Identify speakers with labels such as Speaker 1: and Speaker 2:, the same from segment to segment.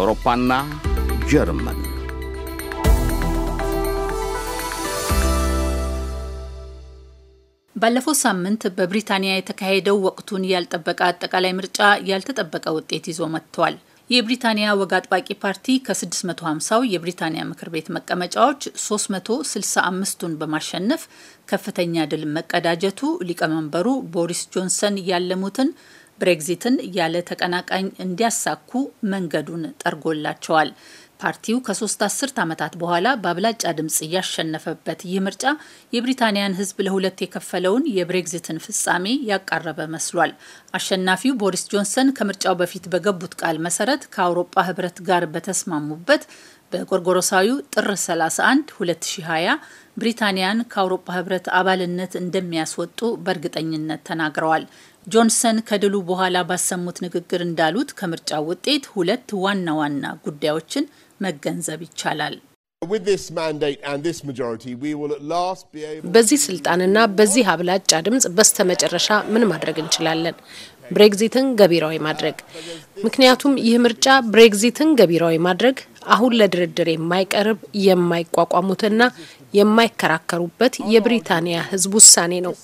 Speaker 1: አውሮፓና ጀርመን
Speaker 2: ባለፈው ሳምንት በብሪታንያ የተካሄደው ወቅቱን ያልጠበቀ አጠቃላይ ምርጫ ያልተጠበቀ ውጤት ይዞ መጥቷል። የብሪታንያ ወግ አጥባቂ ፓርቲ ከ650ው የብሪታንያ ምክር ቤት መቀመጫዎች 365ቱን በማሸነፍ ከፍተኛ ድል መቀዳጀቱ ሊቀመንበሩ ቦሪስ ጆንሰን ያለሙትን ብሬግዚትን ያለ ተቀናቃኝ እንዲያሳኩ መንገዱን ጠርጎላቸዋል። ፓርቲው ከሶስት አስርት ዓመታት በኋላ በአብላጫ ድምፅ ያሸነፈበት ይህ ምርጫ የብሪታንያን ሕዝብ ለሁለት የከፈለውን የብሬግዚትን ፍጻሜ ያቃረበ መስሏል። አሸናፊው ቦሪስ ጆንሰን ከምርጫው በፊት በገቡት ቃል መሰረት ከአውሮፓ ሕብረት ጋር በተስማሙበት በቆርጎሮሳዊ ጥር 31 2020 ብሪታንያን ከአውሮፓ ህብረት አባልነት እንደሚያስወጡ በእርግጠኝነት ተናግረዋል። ጆንሰን ከድሉ በኋላ ባሰሙት ንግግር እንዳሉት ከምርጫው ውጤት ሁለት ዋና ዋና ጉዳዮችን መገንዘብ ይቻላል።
Speaker 1: በዚህ ስልጣንና በዚህ አብላጫ ድምፅ በስተመጨረሻ ምን ማድረግ እንችላለን? ብሬግዚትን ገቢራዊ ማድረግ ምክንያቱም ይህ ምርጫ ብሬግዚትን ገቢራዊ ማድረግ አሁን ለድርድር የማይቀርብ የማይቋቋሙትና የማይከራከሩበት የብሪታንያ ሕዝብ ውሳኔ ነው።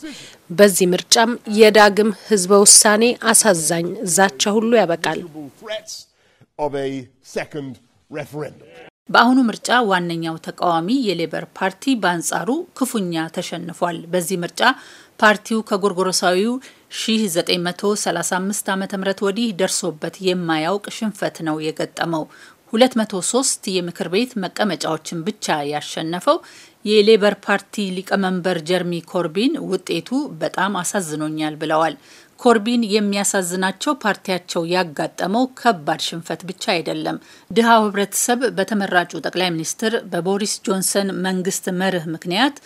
Speaker 1: በዚህ ምርጫም የዳግም ሕዝበ ውሳኔ አሳዛኝ ዛቻ ሁሉ ያበቃል። በአሁኑ ምርጫ
Speaker 2: ዋነኛው ተቃዋሚ የሌበር ፓርቲ በአንጻሩ ክፉኛ ተሸንፏል። በዚህ ምርጫ ፓርቲው ከጎርጎሮሳዊው 1935 ዓ ም ወዲህ ደርሶበት የማያውቅ ሽንፈት ነው የገጠመው። 203 የምክር ቤት መቀመጫዎችን ብቻ ያሸነፈው የሌበር ፓርቲ ሊቀመንበር ጀርሚ ኮርቢን ውጤቱ በጣም አሳዝኖኛል ብለዋል። ኮርቢን የሚያሳዝናቸው ፓርቲያቸው ያጋጠመው ከባድ ሽንፈት ብቻ አይደለም። ድሃው ህብረተሰብ በተመራጩ ጠቅላይ ሚኒስትር በቦሪስ ጆንሰን መንግስት መርህ ምክንያት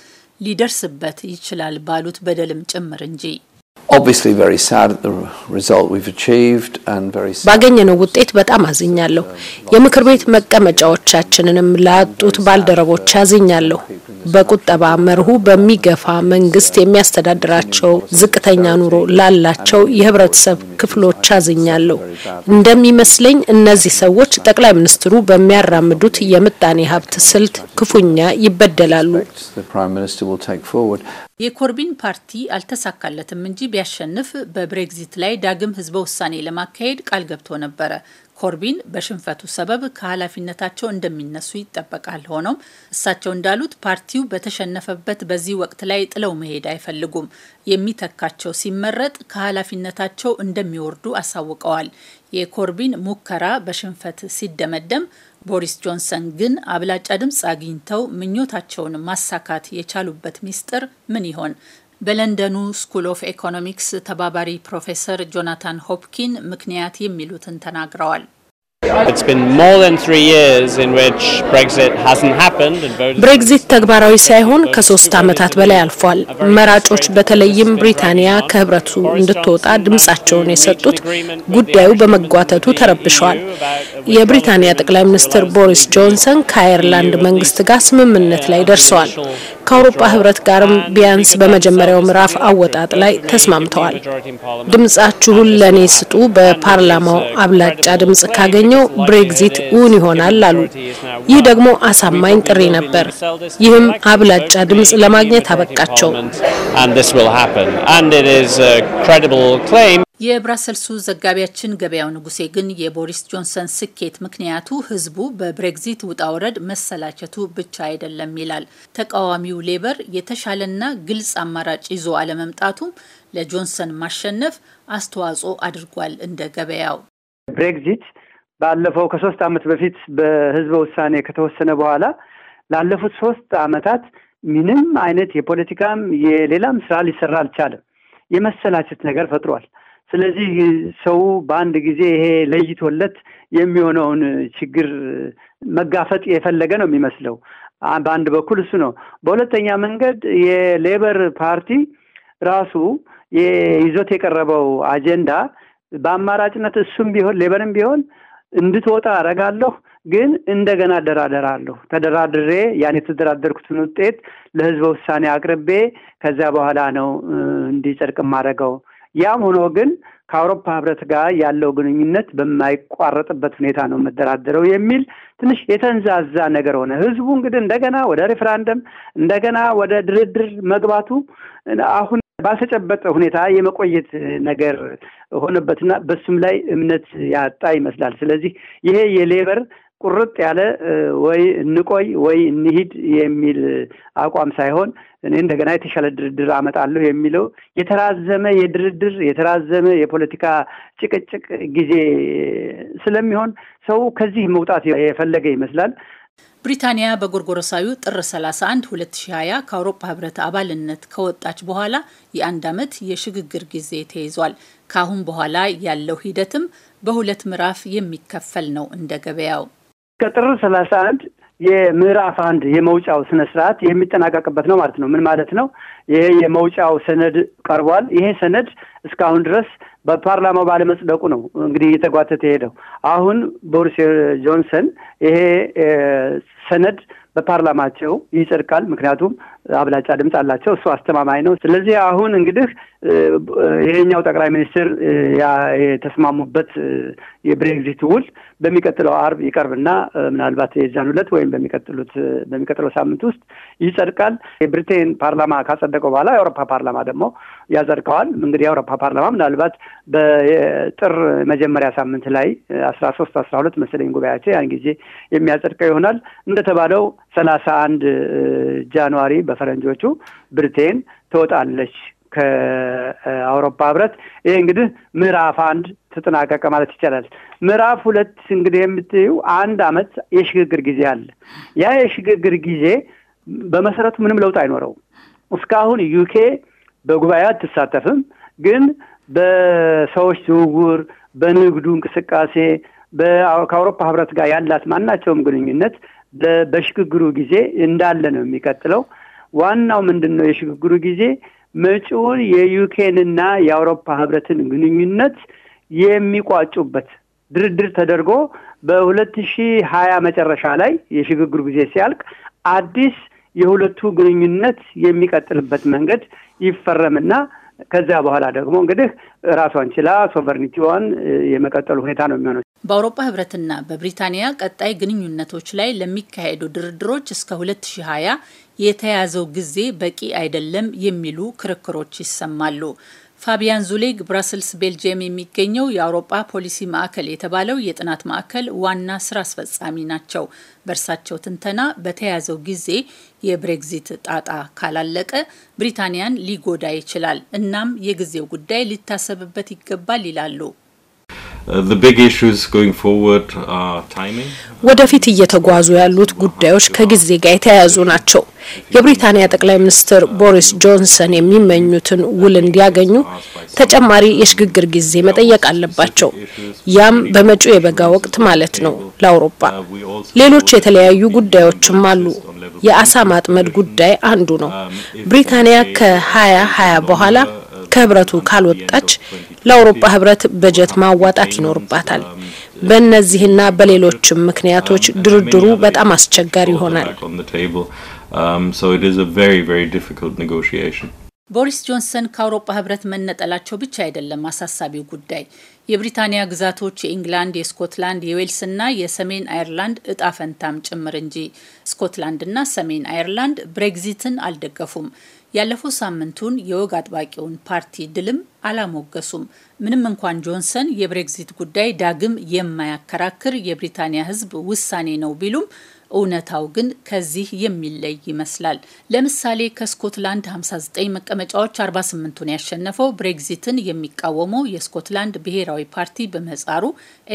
Speaker 2: ሊደርስበት ይችላል ባሉት
Speaker 1: በደልም ጭምር እንጂ ባገኘነው ውጤት በጣም አዝኛለሁ። የምክር ቤት መቀመጫዎቻችንንም ላጡት ባልደረቦች አዝኛለሁ። በቁጠባ መርሁ በሚገፋ መንግስት የሚያስተዳድራቸው ዝቅተኛ ኑሮ ላላቸው የህብረተሰብ ክፍሎች አዝኛለሁ። እንደሚመስለኝ እነዚህ ሰዎች ጠቅላይ ሚኒስትሩ በሚያራምዱት የምጣኔ ሀብት ስልት ክፉኛ ይበደላሉ።
Speaker 2: የኮርቢን ፓርቲ አልተሳካለትም እንጂ ቢያሸንፍ በብሬግዚት ላይ ዳግም ህዝበ ውሳኔ ለማካሄድ ቃል ገብቶ ነበረ። ኮርቢን በሽንፈቱ ሰበብ ከኃላፊነታቸው እንደሚነሱ ይጠበቃል። ሆኖም እሳቸው እንዳሉት ፓርቲው በተሸነፈበት በዚህ ወቅት ላይ ጥለው መሄድ አይፈልጉም። የሚተካቸው ሲመረጥ ከኃላፊነታቸው እንደሚወርዱ አሳውቀዋል። የኮርቢን ሙከራ በሽንፈት ሲደመደም ቦሪስ ጆንሰን ግን አብላጫ ድምፅ አግኝተው ምኞታቸውን ማሳካት የቻሉበት ሚስጥር ምን ይሆን? በለንደኑ ስኩል ኦፍ ኢኮኖሚክስ ተባባሪ ፕሮፌሰር ጆናታን ሆፕኪን ምክንያት የሚሉትን ተናግረዋል።
Speaker 1: ብሬግዚት ተግባራዊ ሳይሆን ከሶስት ዓመታት በላይ አልፏል። መራጮች በተለይም ብሪታንያ ከህብረቱ እንድትወጣ ድምጻቸውን የሰጡት ጉዳዩ በመጓተቱ ተረብሸዋል። የብሪታንያ ጠቅላይ ሚኒስትር ቦሪስ ጆንሰን ከአየርላንድ መንግስት ጋር ስምምነት ላይ ደርሰዋል። ከአውሮፓ ህብረት ጋርም ቢያንስ በመጀመሪያው ምዕራፍ አወጣጥ ላይ ተስማምተዋል። ድምጻችሁን ለእኔ ስጡ፣ በፓርላማው አብላጫ ድምጽ ካገኘው ብሬግዚት እውን ይሆናል አሉ። ይህ ደግሞ አሳማኝ ጥሪ ነበር። ይህም አብላጫ ድምጽ ለማግኘት አበቃቸው።
Speaker 2: የብራሰልሱ ዘጋቢያችን ገበያው ንጉሴ ግን የቦሪስ ጆንሰን ስኬት ምክንያቱ ህዝቡ በብሬግዚት ውጣ ውረድ መሰላቸቱ ብቻ አይደለም ይላል። ተቃዋሚው ሌበር የተሻለና ግልጽ አማራጭ ይዞ አለመምጣቱም ለጆንሰን ማሸነፍ አስተዋጽኦ አድርጓል። እንደ ገበያው
Speaker 3: ብሬግዚት ባለፈው ከሶስት ዓመት በፊት በህዝበ ውሳኔ ከተወሰነ በኋላ ላለፉት ሶስት ዓመታት ምንም አይነት የፖለቲካም የሌላም ስራ ሊሰራ አልቻለም። የመሰላቸት ነገር ፈጥሯል። ስለዚህ ሰው በአንድ ጊዜ ይሄ ለይቶለት የሚሆነውን ችግር መጋፈጥ የፈለገ ነው የሚመስለው። በአንድ በኩል እሱ ነው። በሁለተኛ መንገድ የሌበር ፓርቲ ራሱ ይዞት የቀረበው አጀንዳ በአማራጭነት እሱም ቢሆን ሌበርም ቢሆን እንድትወጣ አረጋለሁ ግን እንደገና ደራደራለሁ ተደራድሬ ያን የተደራደርኩትን ውጤት ለህዝበ ውሳኔ አቅርቤ ከዚያ በኋላ ነው እንዲጨርቅ ማድረገው ያም ሆኖ ግን ከአውሮፓ ህብረት ጋር ያለው ግንኙነት በማይቋረጥበት ሁኔታ ነው የምደራደረው የሚል ትንሽ የተንዛዛ ነገር ሆነ። ህዝቡ እንግዲህ እንደገና ወደ ሪፍራንደም እንደገና ወደ ድርድር መግባቱ አሁን ባልተጨበጠ ሁኔታ የመቆየት ነገር ሆነበትና በሱም ላይ እምነት ያጣ ይመስላል። ስለዚህ ይሄ የሌበር ቁርጥ ያለ ወይ እንቆይ ወይ እንሂድ የሚል አቋም ሳይሆን እኔ እንደገና የተሻለ ድርድር አመጣለሁ የሚለው የተራዘመ የድርድር የተራዘመ የፖለቲካ ጭቅጭቅ ጊዜ ስለሚሆን ሰው ከዚህ መውጣት የፈለገ ይመስላል።
Speaker 2: ብሪታንያ በጎርጎረሳዊ ጥር 31 2020 ከአውሮፓ ህብረት አባልነት ከወጣች በኋላ የአንድ ዓመት የሽግግር ጊዜ ተይዟል። ከአሁን በኋላ ያለው ሂደትም በሁለት ምዕራፍ የሚከፈል ነው እንደ ገበያው
Speaker 3: ከጥር ሰላሳ አንድ የምዕራፍ አንድ የመውጫው ስነ ስርዓት የሚጠናቀቅበት ነው ማለት ነው። ምን ማለት ነው? ይሄ የመውጫው ሰነድ ቀርቧል። ይሄ ሰነድ እስካሁን ድረስ በፓርላማው ባለመጽደቁ ነው እንግዲህ እየተጓተተ የሄደው። አሁን ቦሪስ ጆንሰን ይሄ ሰነድ በፓርላማቸው ይጸድቃል። ምክንያቱም አብላጫ ድምፅ አላቸው። እሱ አስተማማኝ ነው። ስለዚህ አሁን እንግዲህ ይሄኛው ጠቅላይ ሚኒስትር የተስማሙበት የብሬግዚት ውል በሚቀጥለው አርብ ይቀርብና ምናልባት የዛን ሁለት ወይም በሚቀጥሉት በሚቀጥለው ሳምንት ውስጥ ይጸድቃል። የብሪቴን ፓርላማ ካጸደቀው በኋላ የአውሮፓ ፓርላማ ደግሞ ያጸድቀዋል። እንግዲህ የአውሮፓ ፓርላማ ምናልባት በጥር መጀመሪያ ሳምንት ላይ አስራ ሶስት አስራ ሁለት መሰለኝ ጉባኤያቸው ያን ጊዜ የሚያጸድቀው ይሆናል። እንደተባለው ሰላሳ አንድ ጃንዋሪ በፈረንጆቹ ብሪቴን ትወጣለች ከአውሮፓ ህብረት። ይሄ እንግዲህ ምዕራፍ አንድ ተጠናቀቀ ማለት ይቻላል። ምዕራፍ ሁለት እንግዲህ የምትዩ አንድ አመት የሽግግር ጊዜ አለ። ያ የሽግግር ጊዜ በመሰረቱ ምንም ለውጥ አይኖረውም። እስካሁን ዩኬ በጉባኤ አትሳተፍም፣ ግን በሰዎች ዝውውር፣ በንግዱ እንቅስቃሴ፣ ከአውሮፓ ህብረት ጋር ያላት ማናቸውም ግንኙነት በሽግግሩ ጊዜ እንዳለ ነው የሚቀጥለው። ዋናው ምንድን ነው? የሽግግሩ ጊዜ መጪውን የዩኬንና የአውሮፓ ህብረትን ግንኙነት የሚቋጩበት ድርድር ተደርጎ በሁለት ሺ ሀያ መጨረሻ ላይ የሽግግር ጊዜ ሲያልቅ አዲስ የሁለቱ ግንኙነት የሚቀጥልበት መንገድ ይፈረምና ከዚያ በኋላ ደግሞ እንግዲህ ራሷን ችላ ሶቨርኒቲዋን የመቀጠሉ ሁኔታ ነው የሚሆነው።
Speaker 2: በአውሮፓ ህብረትና በብሪታንያ ቀጣይ ግንኙነቶች ላይ ለሚካሄዱ ድርድሮች እስከ 2020 የተያዘው ጊዜ በቂ አይደለም የሚሉ ክርክሮች ይሰማሉ። ፋቢያን ዙሌግ ብራስልስ ቤልጅየም የሚገኘው የአውሮጳ ፖሊሲ ማዕከል የተባለው የጥናት ማዕከል ዋና ስራ አስፈጻሚ ናቸው። በእርሳቸው ትንተና በተያዘው ጊዜ የብሬግዚት ጣጣ ካላለቀ ብሪታንያን ሊጎዳ ይችላል። እናም የጊዜው ጉዳይ ሊታሰብበት ይገባል ይላሉ።
Speaker 1: Uh, ወደፊት እየተጓዙ ያሉት ጉዳዮች ከጊዜ ጋር የተያያዙ ናቸው። የብሪታንያ ጠቅላይ ሚኒስትር ቦሪስ ጆንሰን የሚመኙትን ውል እንዲያገኙ ተጨማሪ የሽግግር ጊዜ መጠየቅ አለባቸው። ያም በመጪው የበጋ ወቅት ማለት ነው ለአውሮፓ። ሌሎች የተለያዩ ጉዳዮችም አሉ። የአሳ ማጥመድ ጉዳይ አንዱ ነው። ብሪታንያ ከ2020 በኋላ ከህብረቱ ካልወጣች ለአውሮፓ ህብረት በጀት ማዋጣት ይኖርባታል። በእነዚህና በሌሎችም ምክንያቶች ድርድሩ በጣም አስቸጋሪ ይሆናል።
Speaker 2: ቦሪስ ጆንሰን ከአውሮፓ ህብረት መነጠላቸው ብቻ አይደለም አሳሳቢው ጉዳይ። የብሪታንያ ግዛቶች የኢንግላንድ፣ የስኮትላንድ፣ የዌልስና የሰሜን አይርላንድ እጣ ፈንታም ጭምር እንጂ። ስኮትላንድና ሰሜን አይርላንድ ብሬግዚትን አልደገፉም። ያለፈው ሳምንቱን የወግ አጥባቂውን ፓርቲ ድልም አላሞገሱም። ምንም እንኳን ጆንሰን የብሬግዚት ጉዳይ ዳግም የማያከራክር የብሪታንያ ሕዝብ ውሳኔ ነው ቢሉም እውነታው ግን ከዚህ የሚለይ ይመስላል። ለምሳሌ ከስኮትላንድ 59 መቀመጫዎች 48ቱን ያሸነፈው ብሬግዚትን የሚቃወመው የስኮትላንድ ብሔራዊ ፓርቲ በምህጻሩ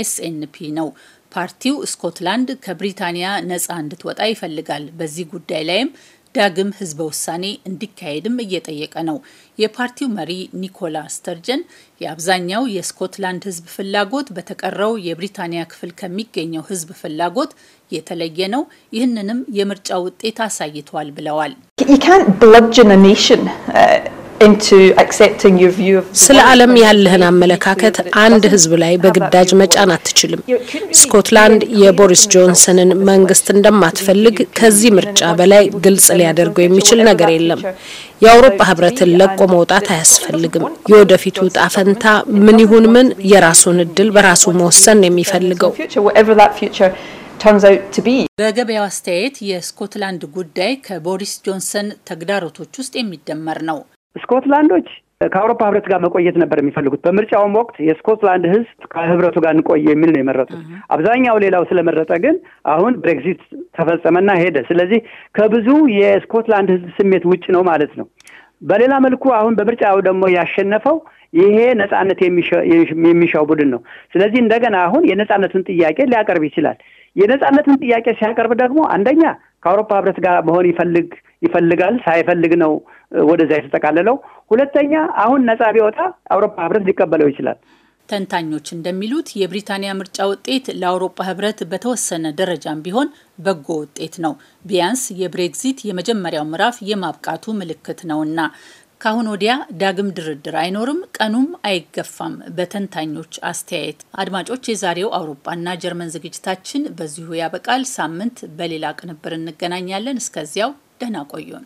Speaker 2: ኤስኤንፒ ነው። ፓርቲው ስኮትላንድ ከብሪታንያ ነፃ እንድትወጣ ይፈልጋል። በዚህ ጉዳይ ላይም ዳግም ህዝበ ውሳኔ እንዲካሄድም እየጠየቀ ነው። የፓርቲው መሪ ኒኮላ ስተርጀን የአብዛኛው የስኮትላንድ ህዝብ ፍላጎት በተቀረው የብሪታንያ ክፍል ከሚገኘው ህዝብ ፍላጎት የተለየ ነው፣ ይህንንም የምርጫ ውጤት አሳይቷል ብለዋል።
Speaker 1: ስለ ዓለም ያለህን አመለካከት አንድ ህዝብ ላይ በግዳጅ መጫን አትችልም። ስኮትላንድ የቦሪስ ጆንሰንን መንግስት እንደማትፈልግ ከዚህ ምርጫ በላይ ግልጽ ሊያደርገው የሚችል ነገር የለም። የአውሮፓ ህብረትን ለቆ መውጣት አያስፈልግም። የወደፊቱ ጣፈንታ ፈንታ ምን ይሁን ምን የራሱን እድል በራሱ መወሰን የሚፈልገው
Speaker 2: በገበያው አስተያየት የስኮትላንድ ጉዳይ ከቦሪስ ጆንሰን ተግዳሮቶች ውስጥ የሚደመር ነው።
Speaker 3: ስኮትላንዶች ከአውሮፓ ህብረት ጋር መቆየት ነበር የሚፈልጉት። በምርጫውም ወቅት የስኮትላንድ ህዝብ ከህብረቱ ጋር እንቆየ የሚል ነው የመረጡት። አብዛኛው ሌላው ስለመረጠ ግን አሁን ብሬግዚት ተፈጸመና ሄደ። ስለዚህ ከብዙ የስኮትላንድ ህዝብ ስሜት ውጭ ነው ማለት ነው። በሌላ መልኩ አሁን በምርጫው ደግሞ ያሸነፈው ይሄ ነጻነት የሚሻው ቡድን ነው። ስለዚህ እንደገና አሁን የነጻነቱን ጥያቄ ሊያቀርብ ይችላል። የነጻነትን ጥያቄ ሲያቀርብ ደግሞ አንደኛ ከአውሮፓ ህብረት ጋር መሆን ይፈልግ ይፈልጋል። ሳይፈልግ ነው ወደዛ የተጠቃለለው። ሁለተኛ አሁን ነጻ ቢወጣ አውሮፓ ህብረት ሊቀበለው ይችላል።
Speaker 2: ተንታኞች እንደሚሉት የብሪታንያ ምርጫ ውጤት ለአውሮፓ ህብረት በተወሰነ ደረጃም ቢሆን በጎ ውጤት ነው። ቢያንስ የብሬግዚት የመጀመሪያው ምዕራፍ የማብቃቱ ምልክት ነውና ካሁን ወዲያ ዳግም ድርድር አይኖርም፣ ቀኑም አይገፋም በተንታኞች አስተያየት። አድማጮች፣ የዛሬው አውሮፓና ጀርመን ዝግጅታችን በዚሁ ያበቃል። ሳምንት በሌላ ቅንብር እንገናኛለን። እስከዚያው ደህና ቆዩን።